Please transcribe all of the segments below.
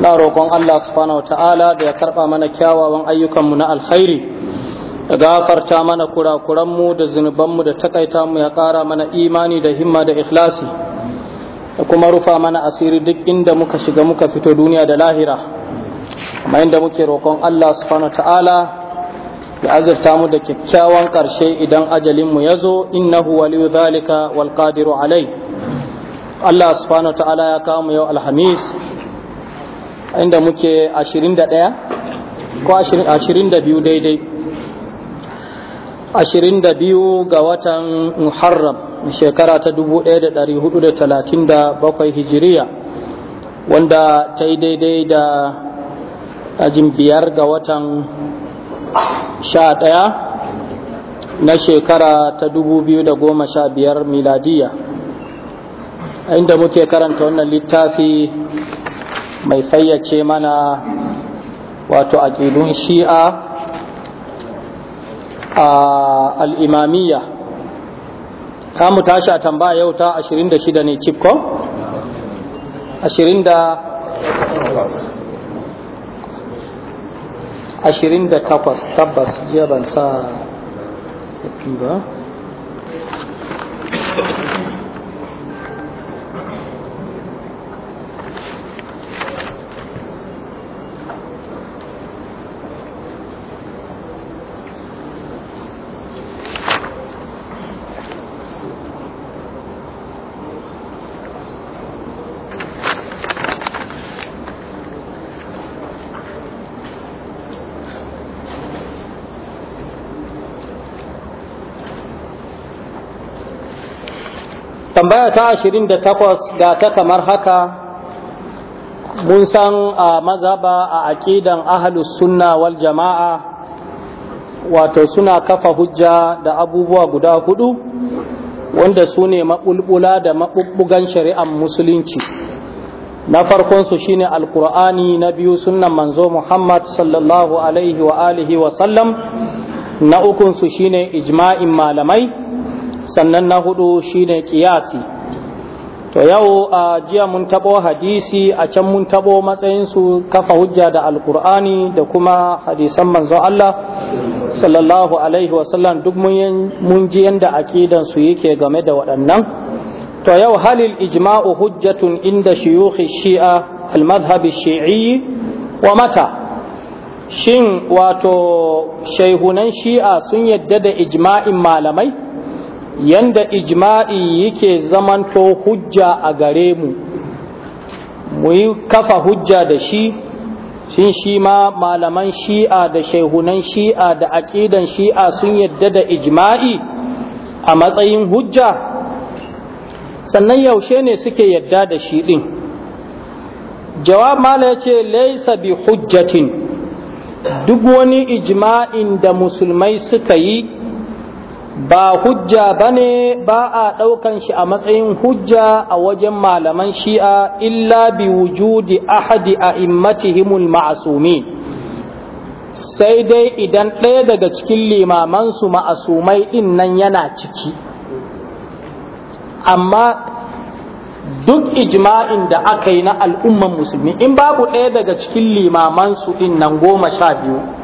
na roƙon Allah subhanahu ta'ala da ya karɓa mana kyawawan ayyukanmu na alkhairi ya gafarta mana kurakuranmu da zunubanmu da takaita mu ya ƙara mana imani da himma da ikhlasi da kuma rufa mana asiri duk inda muka shiga muka fito duniya da lahira amma inda muke roƙon Allah subhanahu ta'ala ya azurta mu da kyakkyawan ƙarshe idan ajalinmu ya zo innahu waliyu zalika wal qadiru alai Allah subhanahu ta'ala ya kawo mu yau alhamis inda muke 21 ko 22 daidai 22 ga watan muharram shekara ta 1437 hijiriya wanda ta yi daidai da ajin biyar ga watan 11 na shekara ta 2015 miladiya inda muke karanta wannan littafi mai fayyace mana wato aƙidun shi'a a al'imamiyya ta mu tashi a tambaya yau ta 26 ne da 28 tabbas jiya ban sa ba tambaya ta ashirin da takwas ga ta kamar haka mun san a mazaba a aƙidan ahalus sunna wal jama'a wato suna kafa hujja da abubuwa guda hudu wanda su ne maɓulɓula da maɓuɓɓugan shari'ar musulunci na farkonsu shine alkur'ani na biyu sunan manzo muhammad sallallahu alaihi wa alihi wa sallam na ukunsu shine ijma'in malamai sannan na hudu shine kiyasi to yau a jiya mun tabo hadisi a can mun tabo matsayinsu kafa hujja da alkur'ani da kuma hadisan manzo Allah sallallahu alaihi wasallam duk mun ji yanda akidan su yake game da waɗannan to yau halil ijma'u hujjatun inda shuyukhi shi'a al madhhab shi'i wa mata shin wato shaihunan shi'a sun yadda da ijma'in malamai yanda ijma'i yake zamanto hujja a gare mu mu kafa hujja da shi shin shi ma malaman shi'a da shehunan shi'a da aƙidan shi'a sun yadda da ijma'i a matsayin hujja sannan yaushe ne suke yadda da shi ɗin jawab mala ya ce laisa bi hujjatin duk wani ijma'in da musulmai suka yi ba hujja bane ba a ɗaukan shi a matsayin hujja a wajen malaman shi'a illa bi wujudi ahadi a immatihimul ma'asumi sai dai idan ɗaya daga cikin limamansu ma'asumai ɗin nan yana ciki amma duk ijma'in da aka yi na al'umman musulmi in babu ɗaya daga cikin limamansu ɗin nan goma sha biyu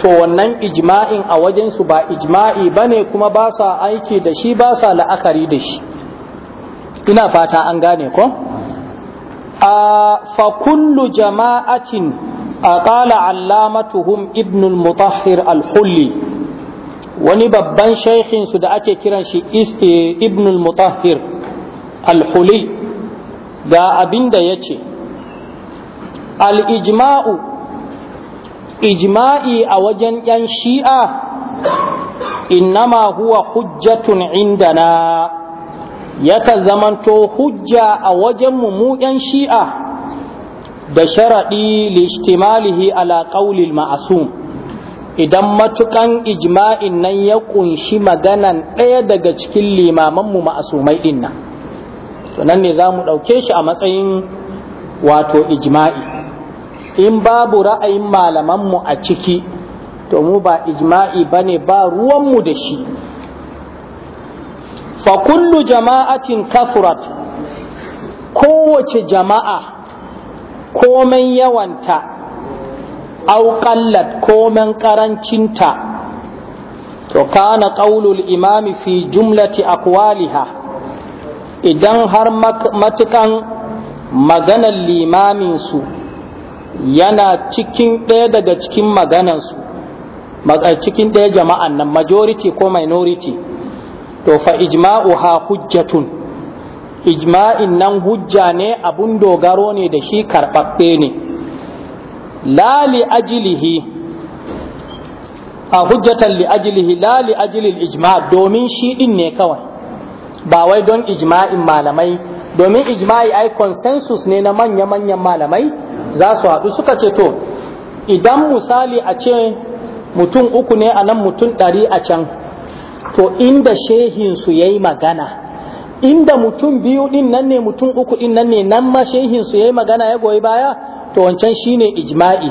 to wannan ijma'in a wajensu ba ijma'i bane kuma ba sa aiki da shi ba sa la'akari da shi ina fata an gane ko a fa kullu jama'atin a ƙala allamatuhum ibn mutahhir al-hulli wani babban shaikhin su da ake kiran shi e, ibnul mutahhir al-hulli ga abinda ce al-ijma'u ijma'i a wajen ‘yan shi'a innama huwa hujjatun indana yakan zamanto hujja a wajen mu ‘yan shi'a da sharaɗi lishtimalihi ala ƙaulil ma'asum idan matukan ijma'in nan ya ƙunshi maganan ɗaya daga cikin limamanmu ma'asumai ɗin nan to nan ne za mu ɗauke shi a matsayin wato ijma'i in babu ra'ayin malamanmu a ciki to mu ba ijma'i bane ba ruwanmu da shi fa kullu jama'atin kafurat kowace jama'a komen yawanta au qallat komen karancinta to kana qaulul imami fi jumlati aqwaliha idan har matukan maganar limamin su yana cikin ɗaya daga cikin maganansu eh, cikin ɗaya jama'an nan majority ko minority to fa ha hujjatun ijma'in nan hujja ne abun dogaro ne da shi karɓaɓɓe ne lali ajilihi a hujjatan li ajilihi lali ajilil ijma domin shi ɗin ne kawai ba wai don ijma'in malamai domin ijma'i ai consensus ne na manya-manyan malamai za su haɗu suka ce to idan misali a ce mutum uku ne a nan mutum ɗari a can to inda shehinsu ya yi magana inda mutum biyu ɗin nan ne mutum uku ɗin nan ne nan ma shehinsu ya yi magana ya goyi baya to wancan shine ijma'i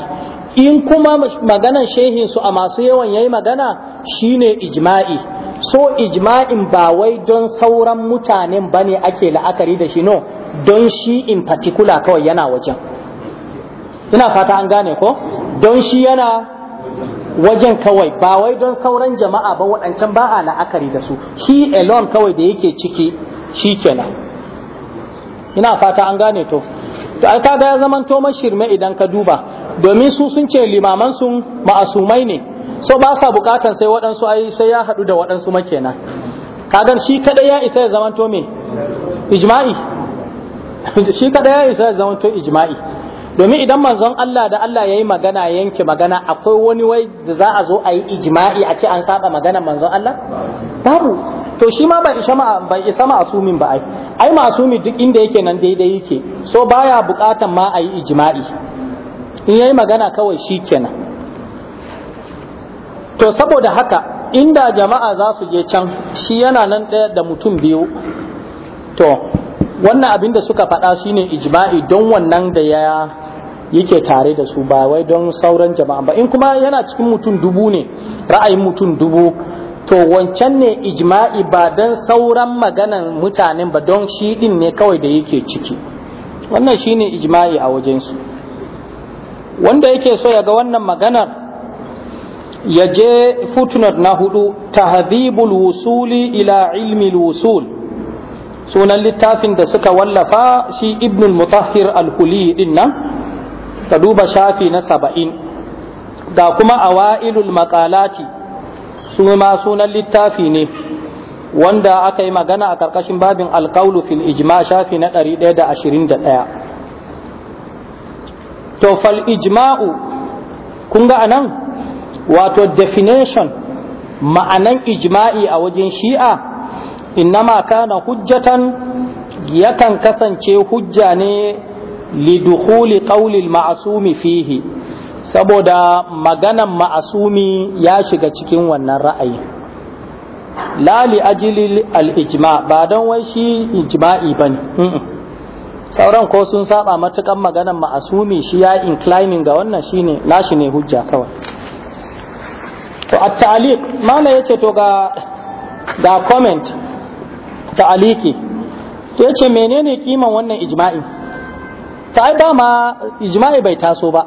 in kuma maganan shehinsu a masu yawan ya yi magana shine ijma'i so ijma'in ba wai don sauran mutanen ba ne ake la'akari da shi no don shi in particular kawai yana wajen ina fata an gane ko don shi yana wajen kawai ba wai don sauran jama'a ba waɗancan ba a la'akari da su shi alone kawai da yake ciki shi kenan ina fata an gane to to ai kaga ya zaman to shirme idan ka duba domin su sun ce limaman sun ma'asumai ne so ba sa bukatan sai waɗansu ai sai ya haɗu da waɗansu makena kaga shi kadai ya isa ya zaman to me ijma'i shi kadai ya isa ya zaman to ijma'i domin idan manzon Allah da Allah ya yi magana yanke magana akwai wani wai da za a zo a yi ijma'i a ce an saba magana manzon Allah babu to shi ma bai isa ma'asumin ba ai ai ma'asumi duk inda yake nan daidai yake so baya bukatan ma a yi ijma'i in ya yi magana kawai shi kenan to saboda haka inda jama'a za su je can shi yana nan ɗaya da mutum biyu to wannan abin da suka faɗa shine ijma'i don wannan da ya yake tare da su ba wai don sauran jama'a ba in kuma yana cikin mutum dubu ne ra'ayin mutum dubu to wancan ne ijma'i ba don sauran maganan mutanen ba don shi din ne kawai da yake ciki wannan shi ne ijma'i a wajensu wanda yake so ya ga wannan maganar ya je futunar na hudu tahdhibul wusuli ila ilmi wusul sunan littafin da suka wallafa shi ibnul mutahhir al-huli din nan ka duba shafi na saba'in da kuma awa'ilul maƙalati su ma sunan littafi ne wanda aka yi magana a ƙarƙashin babin alƙaulu fil ijma shafi na 121 to fal ijma'u kun ga anan wato definition ma'anan ijma'i a wajen shi'a innama kana hujjatan yakan kasance hujja ne lidukhuli qaulil ma'asumi fihi saboda maganan ma'asumi ya shiga cikin wannan ra'ayi la li al'ijima al-ijma ba don wai shi ijma'i bane sauran ko sun saba matukan maganan ma'asumi shi ya inclining ga wannan shine nashi ne hujja kawai to at-ta'liq ya yace to ga da comment ta'aliki to yace menene kiman wannan ijma'i ta ai dama ijma'i bai taso ba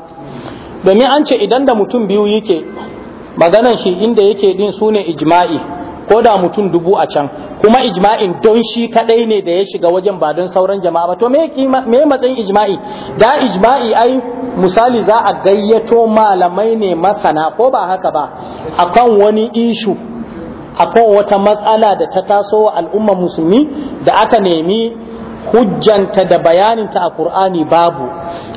domin an ce idan da mutum biyu yake maganan shi inda yake din sune ijma'i ko da mutum dubu a can kuma ijma'in don shi kadai ne da ya shiga wajen ba don sauran jama'a ba to me me matsayin ijma'i da ijma'i ai misali za a gayyato malamai ne masana ko ba haka ba akan wani ishu akan wata matsala da ta taso al'umma musulmi da aka nemi hujjanta da bayaninta a Qur'ani babu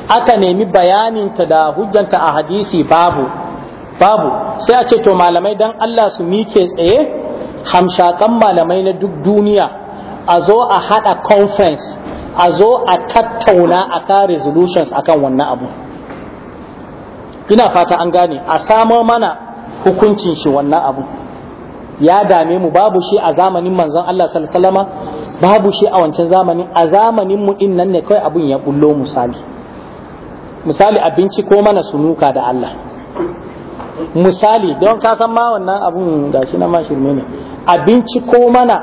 aka nemi bayaninta da hujjanta a hadisi babu babu sai a ce to malamai dan Allah su mike tsaye hamshakan malamai na duk duniya a zo a haɗa conference a zo a tattauna a ka resolutions akan wannan abu ina fata an gane a samo mana hukuncin shi wannan abu ya dame mu babu shi a zamanin manzon Allah sallallahu alaihi babu shi a wancan zamanin a zamanin mu din nan ne kawai abun ya bullo misali misali abinci ko mana sunuka da Allah misali don ka san ma wannan abun gashi na mashirme ne abinci ko mana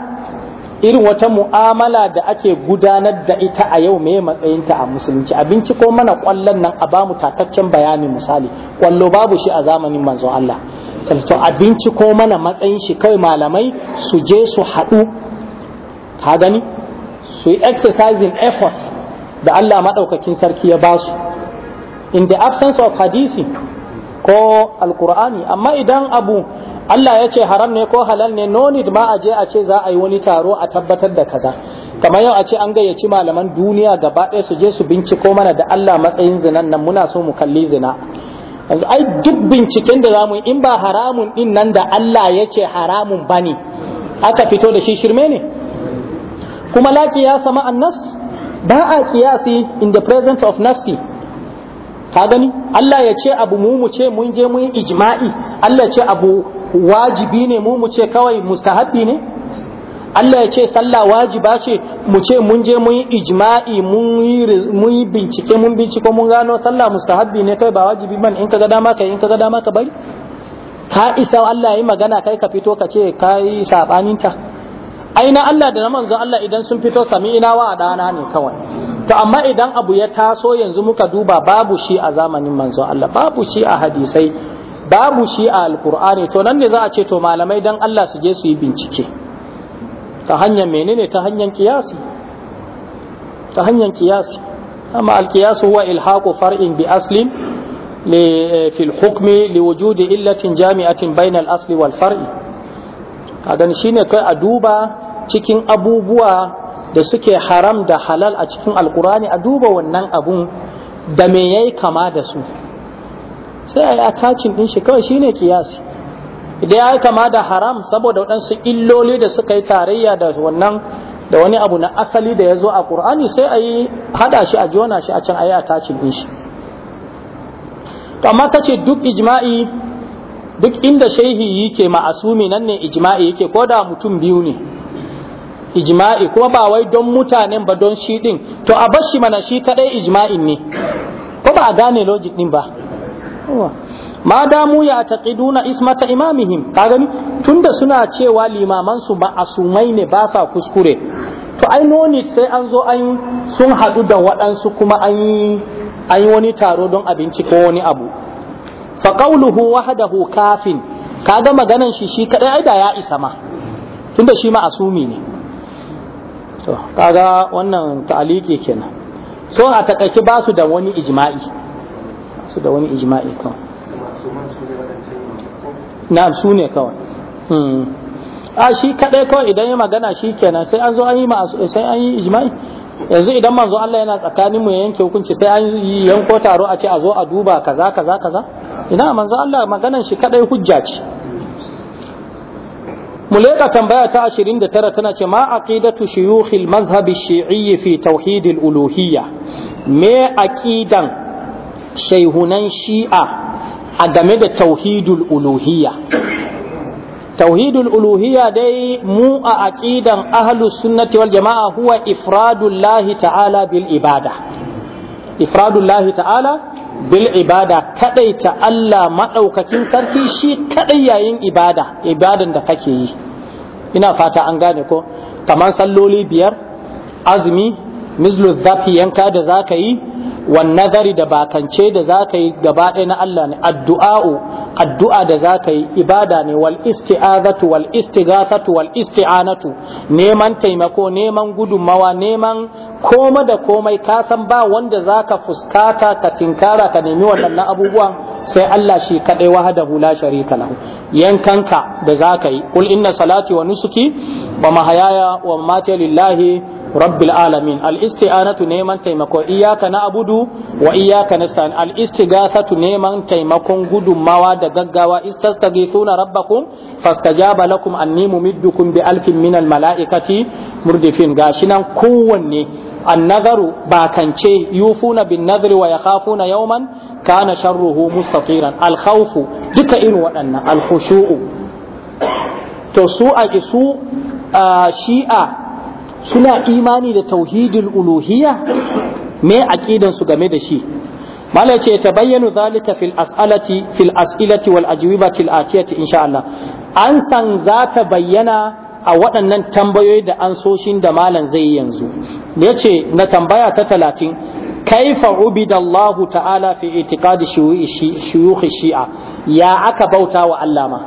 irin wata mu'amala da ake gudanar da ita a yau me matsayinta a musulunci abinci ko mana kwallon nan a bamu tataccen bayani misali kwallo babu shi a zamanin manzon Allah to abinci ko mana matsayin shi kai malamai su je su haɗu ka gani su yi exercising effort da Allah maɗaukakin sarki ya ba su in the absence of hadisi ko alkur'ani amma idan abu Allah ya ce haram ne ko halal ne no need ma a je a ce za a yi wani taro a tabbatar da kaza kamar yau a ce an gayyaci malaman duniya gaba ɗaya su je su binciko mana da Allah matsayin zinan nan muna so mu kalli zina yanzu ai duk binciken da zamu in ba haramun din nan da Allah ya ce haramun bane aka fito da shi shirme ne kuma la qiyasa ma annas ba a qiyasi in the presence of nasi. ka gani Allah ya ce abu mu mu ce mun je mun yi ijma'i Allah ya ce abu wajibi ne mu mu ce kawai mustahabi ne Allah ya ce sallah wajiba ce mu ce mun je mun yi ijma'i mun yi bincike mun bincike mun gano sallah mustahabi ne kai ba wajibi man in ka ga dama kai in ka ga dama ka bari ka isa Allah ya yi magana kai ka fito ka ce kai sabaninta aina Allah da na manzon Allah idan sun fito sami inawa wa ɗana ne kawai to amma idan abu ya taso yanzu muka duba babu shi a zamanin manzon Allah babu shi a hadisai babu shi a alkur'ani to nan ne za a ce to malamai dan Allah su je su yi bincike ta hanyar menene ta hanyar kiyasi ta hanyar kiyasi amma alkiyasu huwa ilhaqu far'in bi aslin li eh, fil hukmi li wujudi illatin jami'atin bainal asli wal far'i a gani shine kai a duba cikin abubuwa da suke haram da halal a cikin alkurani a duba wannan abun da me ya yi kama da su sai a yi ɗin din shi kawai shine kiyasi idan ya yi kama da haram saboda waɗansu illoli da suka yi tarayya da wannan da wani abu na asali da ya zo a ƙur'ani sai a yi haɗa shi a jona shi a can a yi atacin ɗin shi amma ta duk ijma'i duk inda shehi yake ma'asumi nan ne ijma'i yake ko da mutum biyu ne ijma'i kuma ba wai don mutanen ba don shi din to a bashi mana shi kadai ijma'in ne ko ba a gane logic din ba ma damu ya taqiduna ismata imamihim ka gani tunda suna cewa limaman su ma'asumai ne ba sa kuskure to ai noni sai an zo an sun hadu da waɗansu kuma an yi wani taro don abinci ko wani abu fa qawluhu wahdahu kafin kaga maganan shi shi kadai ai da ya isa ma tunda shi ma asumi ne to kaga wannan ta'aliki kenan so a takaice ba su da wani ijma'i su da wani ijma'i kawai na'am su ne kawai hmm. a shi kadai kawai idan ya magana shi kenan sai an zo an yi sai an yi ijma'i yanzu idan manzo Allah yana tsakanin mu yanke hukunci sai an yanko taro a ce a zo a duba kaza kaza kaza ina manzo Allah maganan shi kadai hujja ce muleka tambaya ta 29 tana ce ma aqidatu shuyukh al-mazhab shii fi tauhid al-uluhiyya me aqidan shaihunan shi'a a game da tauhidul uluhiyya tauhidul uluhiya dai mu a aƙidan ahlus sunnati wal jama'a huwa ifradullahi ta'ala bil ibada ifradullahi ta'ala bil ibada kadaita Allah madaukakin sarki shi kadai yayin ibada ibadan da kake yi ina fata an gane ko kamar salloli biyar azumi mizlu zafi yanka da zaka yi wan nazari da bakance da za ka yi gaba ɗaya na Allah ne addu'a'u addu'a da za ka yi ibada ne wal isti'azatu wal istighafatu wal isti'anatu neman taimako neman gudummawa neman koma da komai ka san ba wanda za ka fuskata ka tinkara ka nemi waɗannan abubuwan sai Allah shi kaɗai wahadahu la sharika lahu yankanka da zaka ka yi qul inna salati wa nusuki wa mahayaya wa mamati rabbil alamin al-isti'anatu neman taimako iyyaka na'budu wa iyyaka nasta'in al-istighathatu neman taimakon gudummawa da gaggawa istastaghithuna rabbakum fastajaba lakum anni mumiddukum bi malaikati murdifin gashi nan kowanne annagaru bakance yufuna bin wa yakhafuna yawman kana sharruhu al duka irin waɗannan a shi'a suna imani da tauhidul uluhiyya me aqidan su game da shi mala ta tabayyanu zalika fil as'alati fil as'ilati wal ajwibati al atiyati insha Allah an san za ta bayyana a waɗannan tambayoyi da ansoshin da malam zai yi yanzu yace na tambaya ta talatin kaifa ubida Allahu ta'ala fi itiqadi shuyukh shi'a ya aka bauta wa Allah ma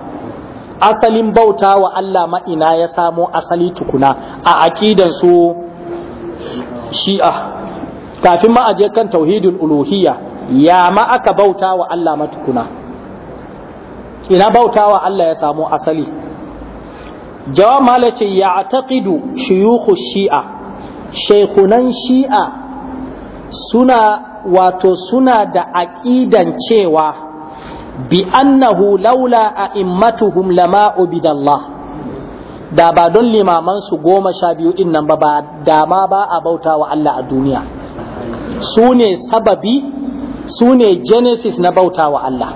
asalin bauta wa Allah ma ina ya samo asali tukuna a aqidan su shi'a kafin ma aje kan tauhidul uluhiyya ya ma aka bauta wa Allah ma tukuna ina bauta wa Allah ya samo asali jawab malace ya ataqidu shuyukhu shi'a shaykhunan shi'a suna wato suna da aqidan cewa bi annahu laula a'immatuhum lama ubidallah da ba don limaman su goma sha biyu in nan ba ba dama ba a bauta wa Allah a duniya su ne sababi su ne genesis na bauta wa Allah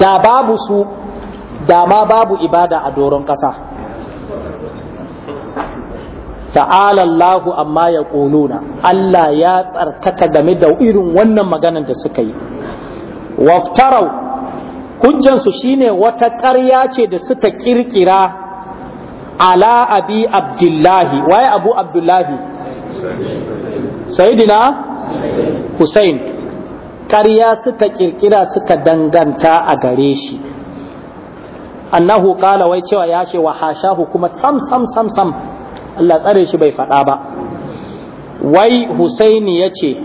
da babu su dama babu ibada a doron ƙasa ta'ala Allahu amma ya ƙonuna Allah ya tsarkaka game da irin wannan maganar da suka yi waftarau hujjansu shine wata ƙarya ce da suka kirkira ala abi abdullahi waye abu abdullahi sayidina Hussein ƙarya suka ƙirƙira suka danganta a gare shi annahu kala wai cewa ya ce wa hashahu kuma sam sam sam sam Allah tsare shi bai faɗa ba wai Husaini ya ce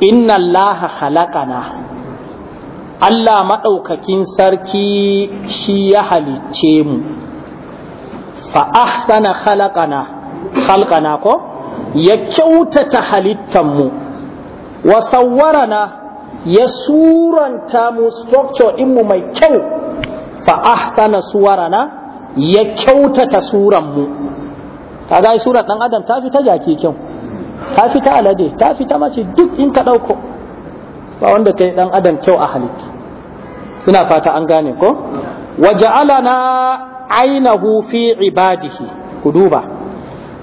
inna Allah halakana Allah maɗaukakin sarki shi ya halicce mu fa ahsana khalaqana ko ya kyautata halittanmu wa sawwarana ya suranta mu structure ɗinmu mai kyau fa ahsana suwarana ya kyautata suranmu ta ga suran ɗan adam ta fi ta jaki kyau ta fi ta alade ta fi ta mace duk in ka ɗauko ba wanda yi ɗan adam kyau a halittu ina fata an gane ko na ainihu fi ibadihi ku duba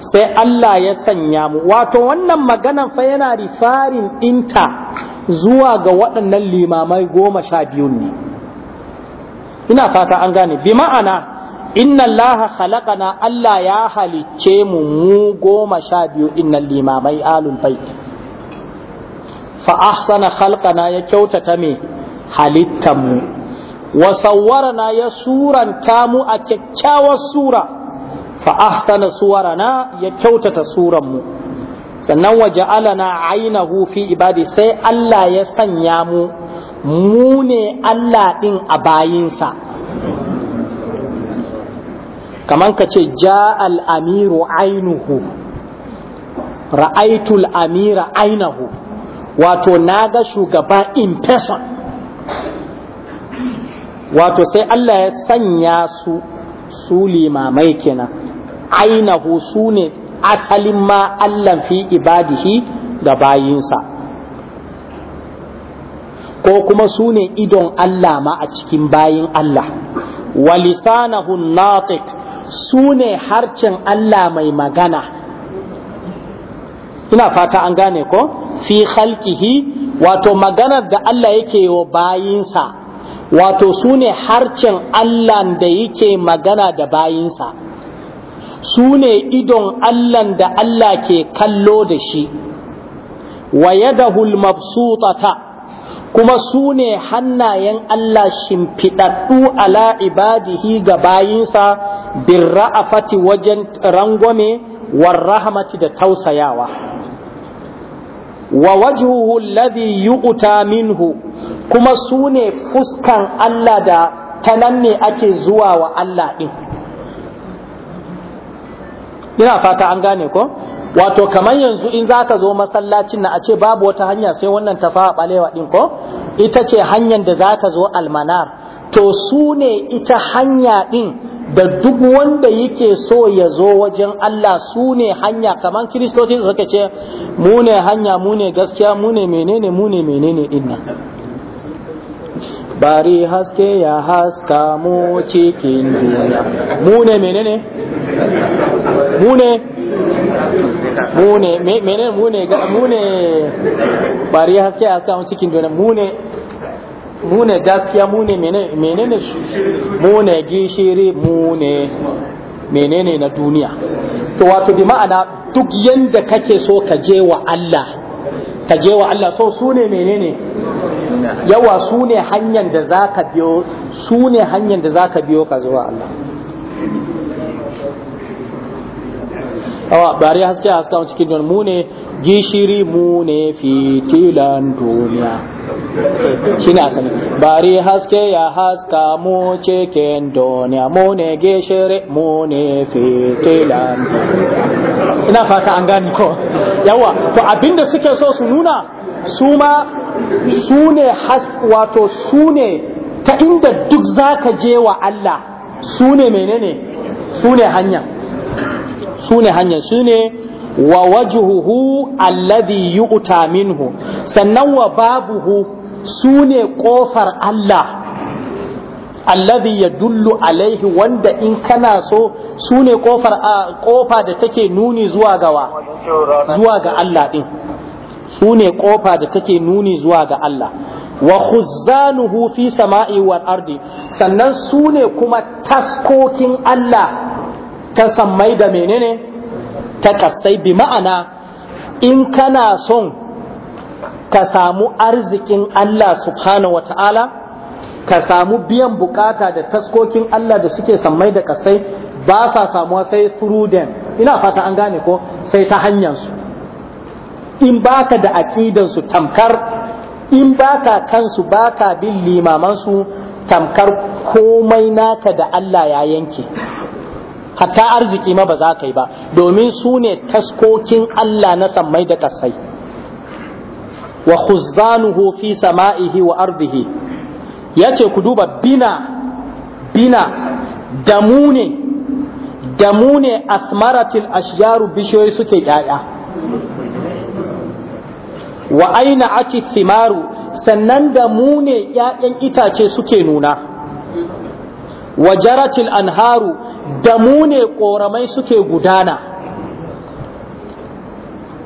sai Allah ya sanya mu wato wannan maganan fa yana rifarin ɗinta zuwa ga waɗannan limamai goma sha biyun ne ina fata an gane bi ma'ana inna allaha na Allah ya halicce mu mu goma sha biyu innan limamai alul bait fa ahsana khalqana ya kyautata me halittanmu wa sawwarana ya suranta mu a kyakkyawar sura fa ahsana suwarana ya kyautata suranmu sannan wa ja'alana ainahu fi ibadi sai Allah ya sanya mu mu ne Allah din a bayinsa kaman ka ce ja al-amiru ainuhu ra'aitul amira ainahu wato na ga shugaba in person wato sai Allah ya sanya su su limamai kenan ainihu su ne asalin ma Allah fi ibadihi da bayinsa ko kuma sune idon Allah ma a cikin bayin Allah walisanahun natiq su ne harcin Allah mai magana ina fata an gane ko fi khalqihi wato maganar da Allah yake wa bayinsa wato sune ne harcin Allah da yake magana da bayinsa sune idon Allah da Allah ke kallo da shi wa yadahul mabsutata kuma sune hannayen Allah shimfiɗaɗɗu ala ibadihi ga bayinsa bin ra'afati wajen rangwame war rahmati da tausayawa wa wajuhu alladhi yuqta minhu kuma sune fuskan Allah da ta nan ne ake zuwa wa Allah din ina fata an gane ko wato kamar yanzu in zaka zo masallacin na a ce babu wata hanya sai wannan tafawa balewa din ko ita ce hanyar da zaka zo almanar to su ne ita hanya ɗin da duk wanda yake so ya zo wajen Allah su ne hanya kamar kiristoci da suka ce mu ne hanya mu ne gaskiya mu ne menene mu ne menene ɗin nan bari haske ya haska mu cikin duniya mu ne menene mu ne mu ne menene mu ne mu ne bari haske ya haska mu cikin duniya mu ne mu ne gaskiya mu ne menene mu ne gishiri mu ne menene na duniya to wato bi ma'ana duk yanda kake so ka je wa Allah ka je wa Allah so su ne menene yawa su ne hanyar da za ka biyo su ne hanyar da za ka biyo ka zuwa Allah awa bari haske haska cikin mu ne gishiri mu ne fitilan duniya shine asali bari haske ya haska mu cikin duniya mu ne gishiri mu ne fitilan ina fata an gani ko yawa to abinda suke so su nuna su ma su ne wato su ne ta inda duk zaka je wa Allah su ne menene su ne hanya su ne hanya su ne wa wajuhu alladhi yu'ta minhu sannan wa babuhu su ne ƙofar Allah alladhi alaihi wanda in kana so su ne ƙofa da take nuni zuwa gawa zuwa ga Allah ɗin su ne ƙofa da take nuni zuwa ga Allah wa khuzzanuhu fi sama'i wal ardi sannan su ne kuma taskokin Allah ta sammai da menene ta kasai bi ma'ana in kana son ka samu arzikin Allah subhanahu wa ta'ala ka samu biyan bukata da taskokin Allah da suke sammai da kasai ba sa samuwa sai through ina fata an gane ko sai ta hanyarsu in baka da aƙidansu tamkar in baka kansu baka bin limamansu tamkar komai naka da Allah ya yanke hatta arziki ma ba za ka yi ba domin su ne taskokin Allah na sammai da kasai wa khuzzanuhu fi sama'ihi wa ardihi yace ku duba bina bina damu ne damu ne asmaratil ashjaru bishiyoyi suke yaya wa aina ati simaru sannan damu ne ƴaƴan itace suke nuna wa jaratil anharu damu ne ƙoramai suke gudana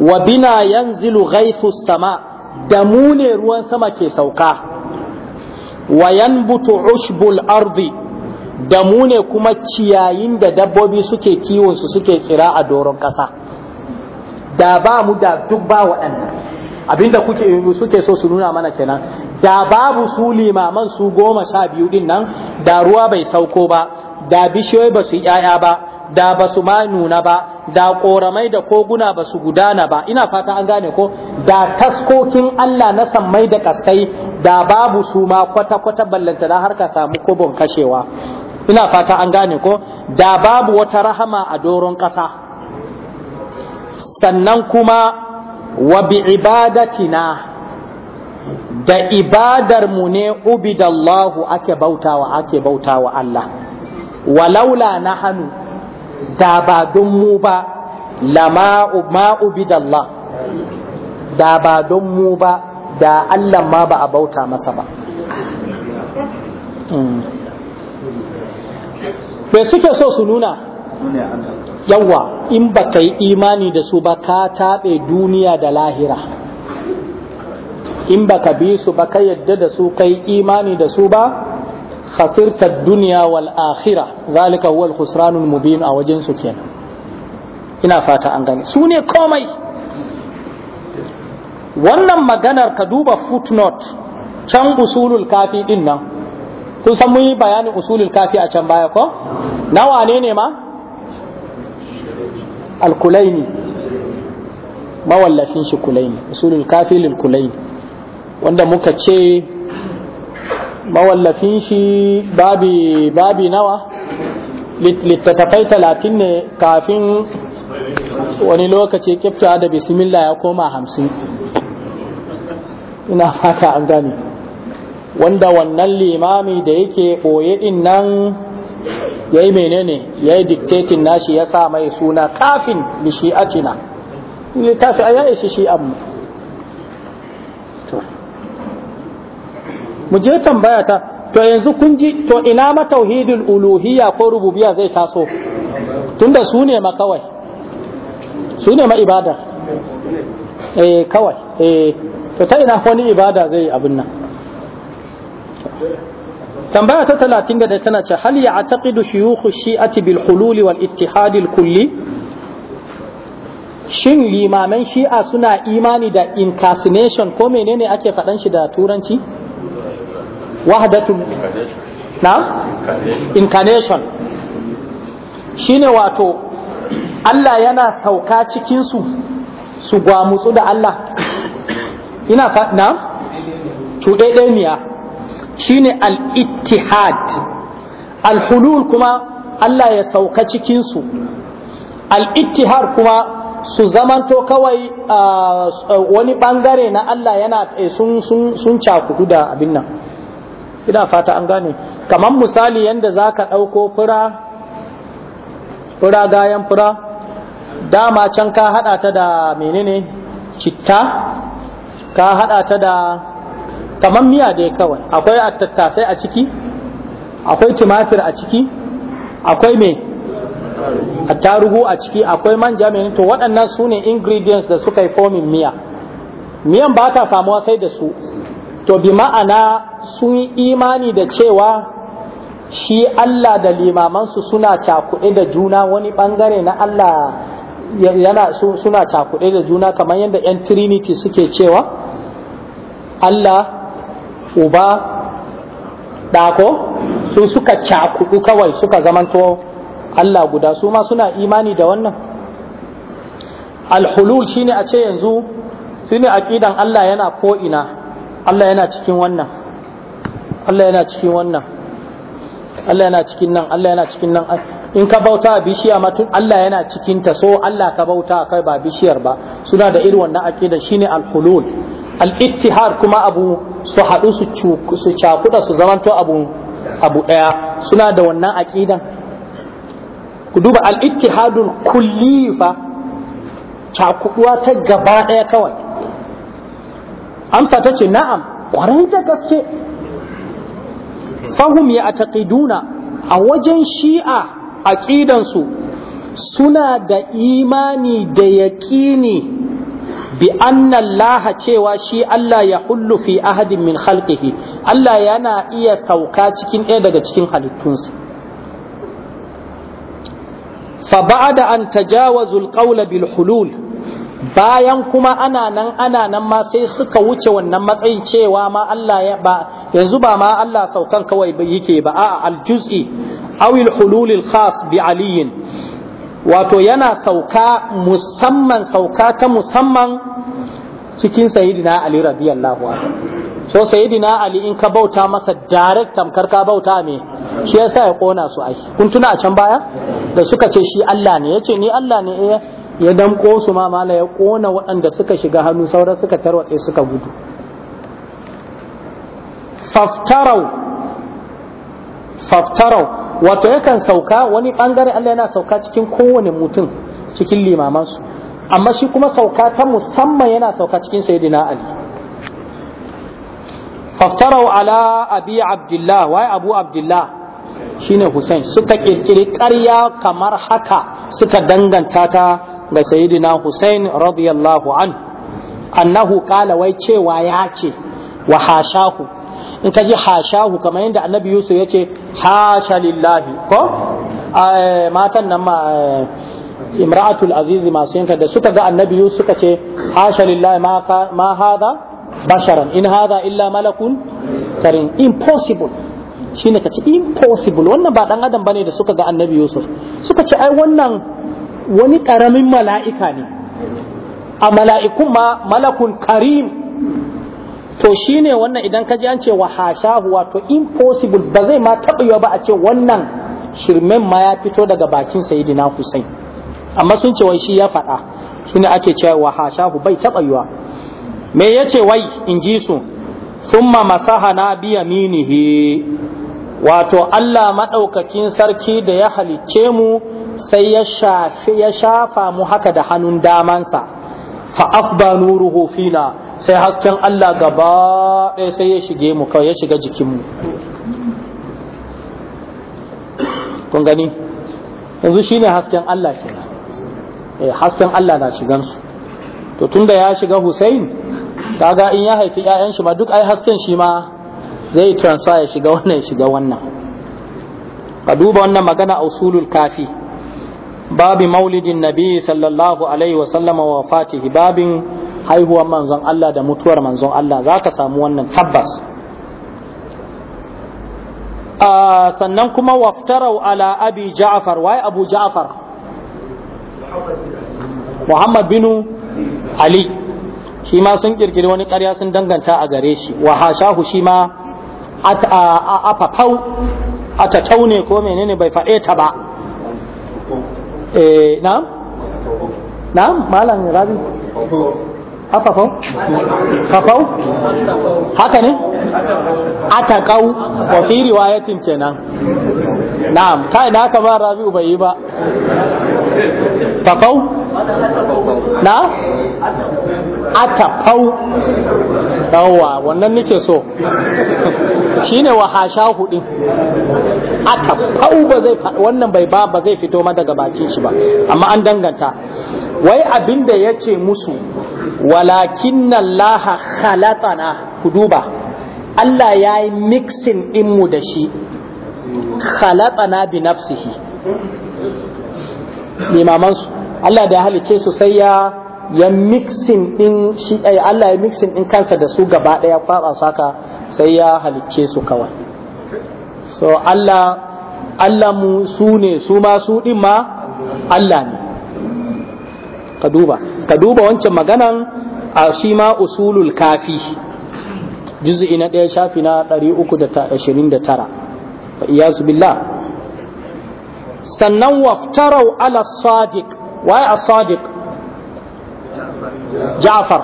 wa bina yanzilu ghaifu sama' da mu ne ruwan sama ke sauka wa yanbutu ushbul ardi da mu ne kuma ciyayin da dabbobi suke kiwon suke tsira a doron ƙasa da ba mu da duk ba waɗannan abinda kuke suke so su nuna mana kenan da babu su limaman su goma sha biyu din nan da ruwa bai sauko ba da bishiyoyi ba su 'ya'ya ba da ba su ma nuna ba da ƙoramai da koguna ba su gudana ba ina fata an gane ko da taskokin Allah na sammai da kasai da babu su ma kwata-kwata ballanta da har samu kobon kashewa ina fata an gane ko da babu wata rahama a doron ƙasa sannan kuma wa bi ibadatina da ibadar mu ne ubidallahu ake bautawa ake bautawa Allah walaula hannu. da ba don mu ba lama ma'ubidallah da ba don mu ba da Allah ma ba a bauta masa ba hmm. me suke so su nuna yawa in ba ka yi imani da su ba ka taɓe duniya da lahira in ba ka bi su ba ka yadda da su kai imani da su ba khasirta duniya wal akhira zalika huwa al khusranul mubin a wajen su kenan ina fata an gane su ne komai wannan maganar ka duba footnote can usulul kafi din nan kun san mun yi bayanin usulul kafi a can baya ko na wane ne ma al-kulaini mawallafin shi kulaini usulul kafi lil kulaini wanda muka ce mawallafin shi babi babi nawa littattafai talatin ne kafin wani lokaci kifta da bismillah ya koma hamsin ina fata an gane wanda wannan limami da yake ɓoye ɗin nan ya yi menene ya yi diktatin nashi ya sa mai suna kafin bishi'atina littafi a ya ishi shi amma mu je tambaya ta to yanzu kun ji to ina ma tauhidul uluhiyya ko rububiyya zai taso tunda su ne ma kawai su ne ma ibada eh kawai eh to ta ina wani ibada zai abin nan tambaya ta 31 tana ce hal ya ataqidu shuyukhu shi'ati bil hululi wal ittihad kulli shin limaman shi'a suna imani da incarnation ko menene ake faɗan shi da turanci wahdatul na incarnation shine wato Allah yana sauka cikin su su gwamutsu da Allah ina fa na miya shine al-ittihad al-hulul kuma Allah ya sauka cikin su al-ittihad kuma su zamanto kawai ah, wani ɓangare na Allah yana eh, sun cakudu da abin nan ina fata an gane kamar misali yadda za ka ɗauko fura fura gayan fura dama can ka haɗa ta da menene citta ka haɗa ta da kamar miya dai kawai akwai attattasai a ciki akwai tumatir a ciki akwai me attarugu a ciki akwai manja menene to waɗannan su ne ingredients da suka yi fomin miya miyan ba ta samuwa sai da su to bi ma'ana sun yi imani da cewa shi Allah da limamansu suna cakuɗe da juna wani ɓangare na Allah yana suna cakuɗe da juna kamar yadda 'yan trinity suke cewa Allah uba ɗako su suka cakuɗu kawai suka zamanto Allah guda su ma suna imani da wannan alhulul shine a ce yanzu shine aƙidan Allah yana ko'ina Allah yana cikin wannan Allah yana cikin wannan Allah yana cikin nan Allah yana cikin nan in ka bauta a bishiya ma tun Allah yana cikin ta so Allah ka bauta kai ba bishiyar ba suna da irin wannan aqida shine al-hulul al-ittihar kuma abu su haɗu su su cakuda su zamanto abu abu daya suna da wannan aqidan ku duba al-ittihadul kulli fa cakuduwa ta gaba daya kawai amsa ta ce na'am kwarai da gaske fahum ya ataqiduna a wajen shi'a aqidansu suna da imani da yaƙini bi anna cewa shi Allah ya hullu fi ahadin min khalqihi Allah yana iya sauka cikin ɗaya daga cikin halittunsa fa ba'da an tajawazul al-qawla bil hulul bayan kuma ana nan ana nan ma sai suka wuce wannan matsayin cewa ma Allah ya ba yanzu ba ma Allah saukan kawai yake ba a'a aljuz'i awil hululil khas bi Ali wato yana sauka musamman sauka ta musamman cikin sayyidina ali radiyallahu anhu so sayyidina ali in ka bauta masa direct tamkar ka bauta me shi yasa ya kona su ai kun tuna a can baya da suka ce shi Allah ne yace ni Allah ne eh ya damƙo su ma mala ya kona waɗanda suka shiga hannu sauran suka tarwatse suka gudu faftarau faftarau wato yakan sauka wani bangare Allah yana sauka cikin kowane mutum cikin limamansu amma shi kuma sauka ta musamman yana sauka cikin sayyidina Ali faftarau ala abi abdullah wai abu abdullah shine Hussein suka kirkiri ƙarya kamar haka suka danganta ta ga sayyidina Hussein radiyallahu an annahu kala wai cewa ya ce wa hashahu in ka ji hashahu kamar yadda annabi Yusuf ya ce hasha lillahi ko eh, matan nan ma eh, imra'atul azizi masu yanka da suka ga annabi Yusuf suka ce hasha lillahi ma hada basharan in hada illa malakun karin impossible shine ka ce impossible wannan ba dan adam bane da suka ga annabi Yusuf suka ce ai wannan wani ƙaramin mala'ika ne a mala'ikun ma malakun karim to shine wannan idan ka ji an ce wa hashahu wato impossible ba zai ma taɓa yiwa ba a ce wannan shirmen ma ya fito daga bakin sayidina Hussein amma sun ce wai shi ya faɗa shine ake cewa wa hashahu bai taɓa yiwa me yace wai in ji su summa masaha bi yaminihi wato Allah madaukakin sarki da ya halicce mu sai ya ya shafa mu haka da hannun damansa fa afda nuruhu fina sai hasken Allah gaba ɗaya sai ya shige mu kawai ya shiga jikinmu kun gani yanzu shine hasken Allah shiga. eh hasken Allah na shigan su to tunda ya shiga Hussein kaga in ya haifi ƴaƴan shi ma duk ai hasken shi ma zai transfer ya shiga wannan ya shiga wannan ka duba wannan magana a usulul kafi babi maulidin nabi sallallahu alaihi wasallam wa fatihi babin haihuwar manzon Allah da mutuwar manzon Allah za ka samu wannan tabbas sannan kuma waftarau ala ja'far wai abu ja'far muhammad binu ali shi ma sun ƙirƙiri wani ƙarya sun danganta a gare shi wahashahu hashahu shi ma a afatau a ne ko menene bai faɗe ta ba eh na'am na'am malam rabi afafau kafau haka ne aka kau wa fi riwayatin kenan na'am kai na ka ba rabi'u bai yi ba taqaw na ataqaw yawa wannan nake so shine wa hasha hudin ataqaw ba zai wannan bai ba ba zai fito ma daga bakin shi ba amma an danganta wai abinda yace musu walakin allaha khalatana kuduba Allah ya yi mixin ɗinmu da shi khalatana bi nafsihi limamansu Allah da ya halice su sai ya ya mixin din shi eh, Allah ya mixin din kansa da su gaba daya kwaɓa su haka sai ya halicce su kawai so Allah Allah mu su ne su ma su din ma Allah ne ka duba ka duba wancan maganan a shi ma usulul kafi juz'i na daya shafi na 329 wa iyasu billah sannan waftarau ala sadiq waye a sadiq ja'far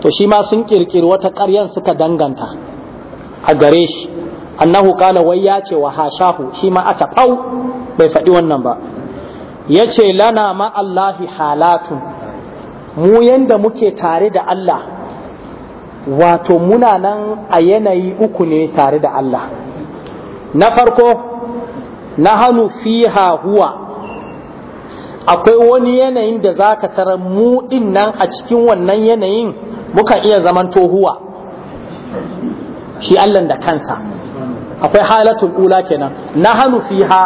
to shi ma sun kirkiri wata ƙaryan suka danganta a gare shi annahu kala wai ya ce wa hashahu shi ma aka fau bai faɗi wannan ba ya ce lana allahi halatun mu yanda muke tare da Allah wato muna nan a yanayi uku ne tare da Allah na farko nahanu fiha huwa akwai wani yanayin da zaka tara mu din nan a cikin wannan yanayin muka iya zamanto huwa shi Allah da kansa akwai halatul ula kenan nahanu fiha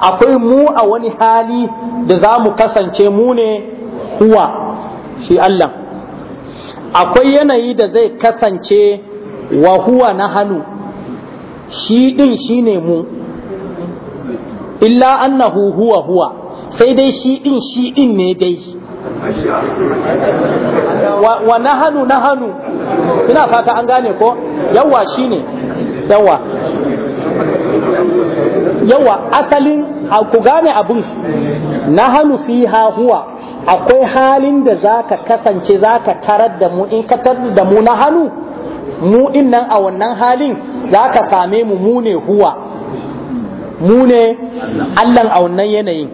akwai mu a wani hali da za mu kasance mu ne huwa shi Allah akwai yanayi da zai kasance wa huwa na hannu shi ɗin shi ne mu illa annahu huwa huwa sai dai shi din shi din ne dai wa nahanu nahanu ina fata an gane ko yawa shine yawa yawa asalin ku gane abin nahanu fiha huwa akwai halin da zaka kasance zaka tarar da mu in ka tarar da mu nahanu mu din nan a wannan halin zaka same mu mu ne huwa mu ne Allah a wannan yanayin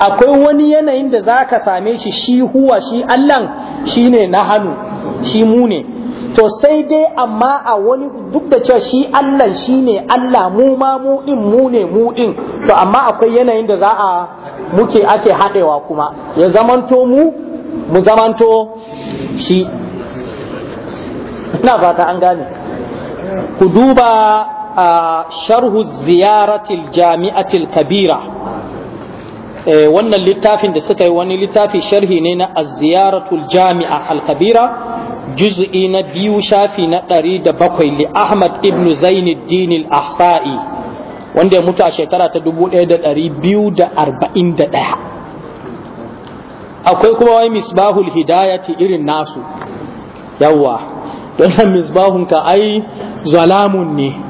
akwai wani yanayin da za ka same shi shi huwa shi allah shi ne na hannu shi mu ne to sai dai amma a wani duk da cewa shi Allah shi ne Allah mu ma mu din mu ne mu din to amma akwai yanayin da za a muke ake haɗewa kuma ya zamanto mu mu zamanto shi ina fata an gane ku duba sharhu ziyaratil jami'atil kabira wannan littafin da suka yi wani littafi sharhi ne na ziyaratul jami'a al-kabira juz'i na biyu shafi na ɗari da bakwai li ahmad ibn zainuddin al-ahsa'i wanda ya mutu a shekara ta dubu ɗaya da ɗari biyu da arba'in da ɗaya akwai kuma wai misbahul hidayati irin nasu yawwa don misbahun ka ai zalamun ne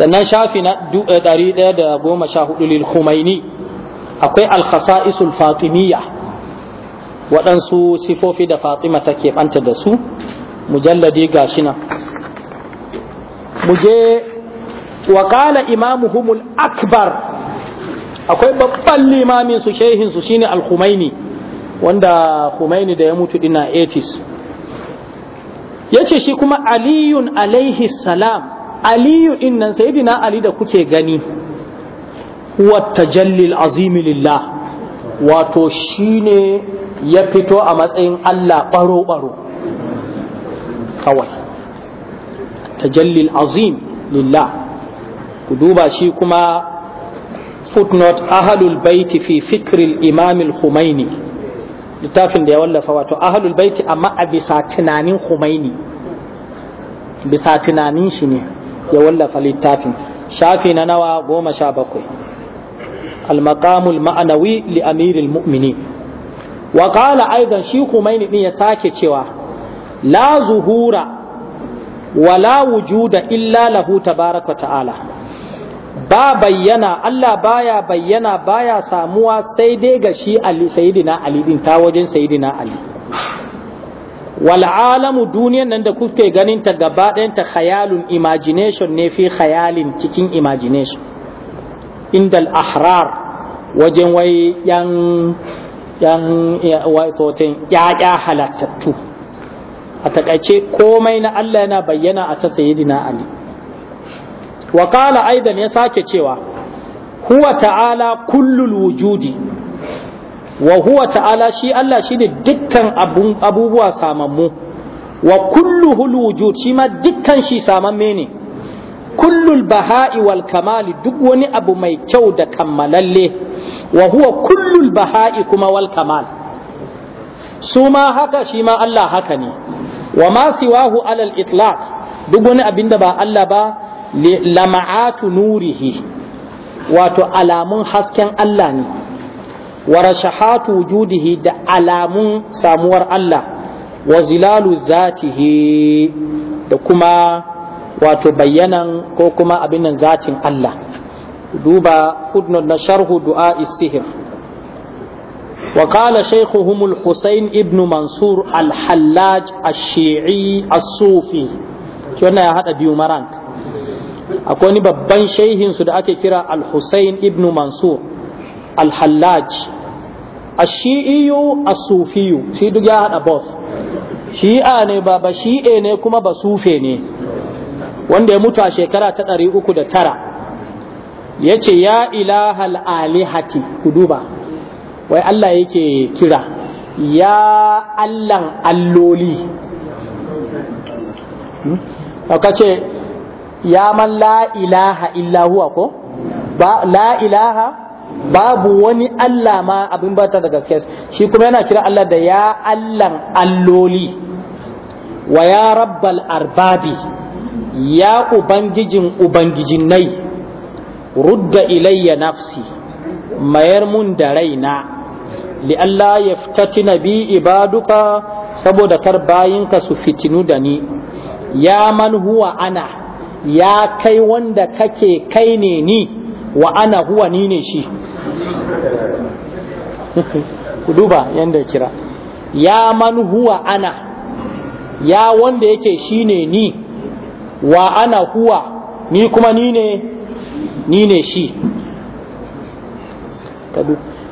sannan shafi na 114 eh, lil Khumaini akwai al-khasa'isul fatimiyya waɗansu sifofi da Fatima ta keɓanta da su mujalladi gashi nan mu je wa qala imamuhumul akbar akwai babban limamin su shehin su shine al-Khumaini wanda Khumaini da ya mutu dina 80 ya yace shi kuma aliyun alaihi salam aliyu din nan sayyidina ali da kuke gani wa tajallil azim lillah wato shine ya fito a matsayin Allah baro baro kawai tajallil azim lillah ku duba shi kuma footnote ahlul baiti fi fikril imam humaini littafin da ya wallafa wato ahlul baiti amma a bisa tunanin humaini bisa tunanin shi ne ya wallafa littafin shafi na nawa goma sha bakwai almakamul ma'anawi li amiril mu'mini wa aidan shi kuma din ya sake cewa la zuhura la wujuda illa lahu tabaraka ta'ala ba bayyana Allah baya bayyana baya samuwa sai dai ga shi Ali sayyidina Ali din ta wajen sayyidina Ali Wal'alamu alamu duniyan nan da kuke ganin ta gaba ɗayanta khayalun imagination ne fi khayalin cikin imagination indal ahrar wajen wai yan yan ya halattattu a takaice komai na Allah yana bayyana a ta sayyidina Ali wa qala aidan ya sake cewa huwa ta'ala kullul wujudi wa huwa ta'ala shi Allah ne dukkan abubuwa samammu wa kulluhul wujud shi ma dukkan shi samamme ne kullul baha'i wal kamali duk wani abu mai kyau da kammalalle wa huwa baha'i kuma wal kamal su ma haka shi ma Allah haka ne wa ma siwahu alal itlaq duk wani abin da ba Allah ba lama'atu nurihi wato alamun hasken Allah ne wa rashahatu wujudihi da alamun samuwar Allah wa zilalu zatihi da kuma wato bayyanan ko kuma abin nan zatin Allah duba footnote na sharhu du'a sihir وقال شيخهم الحسين ابن منصور الحلاج الشيعي الصوفي wannan ya hada biyu marant akwai wani babban shehin su da ake kira al-Husayn ibn Mansur al-Hallaj ashi'iyu a sufiyu shi duk ya haɗa both shi'a ne ba ba shi'e ne kuma ba sufe ne wanda ya mutu a shekara ta ɗari uku da tara ya ce ya ilahal alihati ku wai Allah yake kira ya allan alloli hmm? ka ce ya man la ilaha illa ko ba la ilaha babu wani Allah ma abin bata da gaske shi kuma yana kira Allah da ya Allahn alloli wa ya rabbal arbabi ya ubangijin ubangijin nai rudda ilayya nafsi mayar mun da raina li Allah ya fitatina bi ibaduka saboda kar bayinka su fitinu da ni ya man huwa ana ya kai wanda kake kai ne ni wa ana huwa ni ne shi ku duba yanda kira ya man huwa ana ya wanda yake shine ni wa ana huwa ni kuma ni ne ni ne shi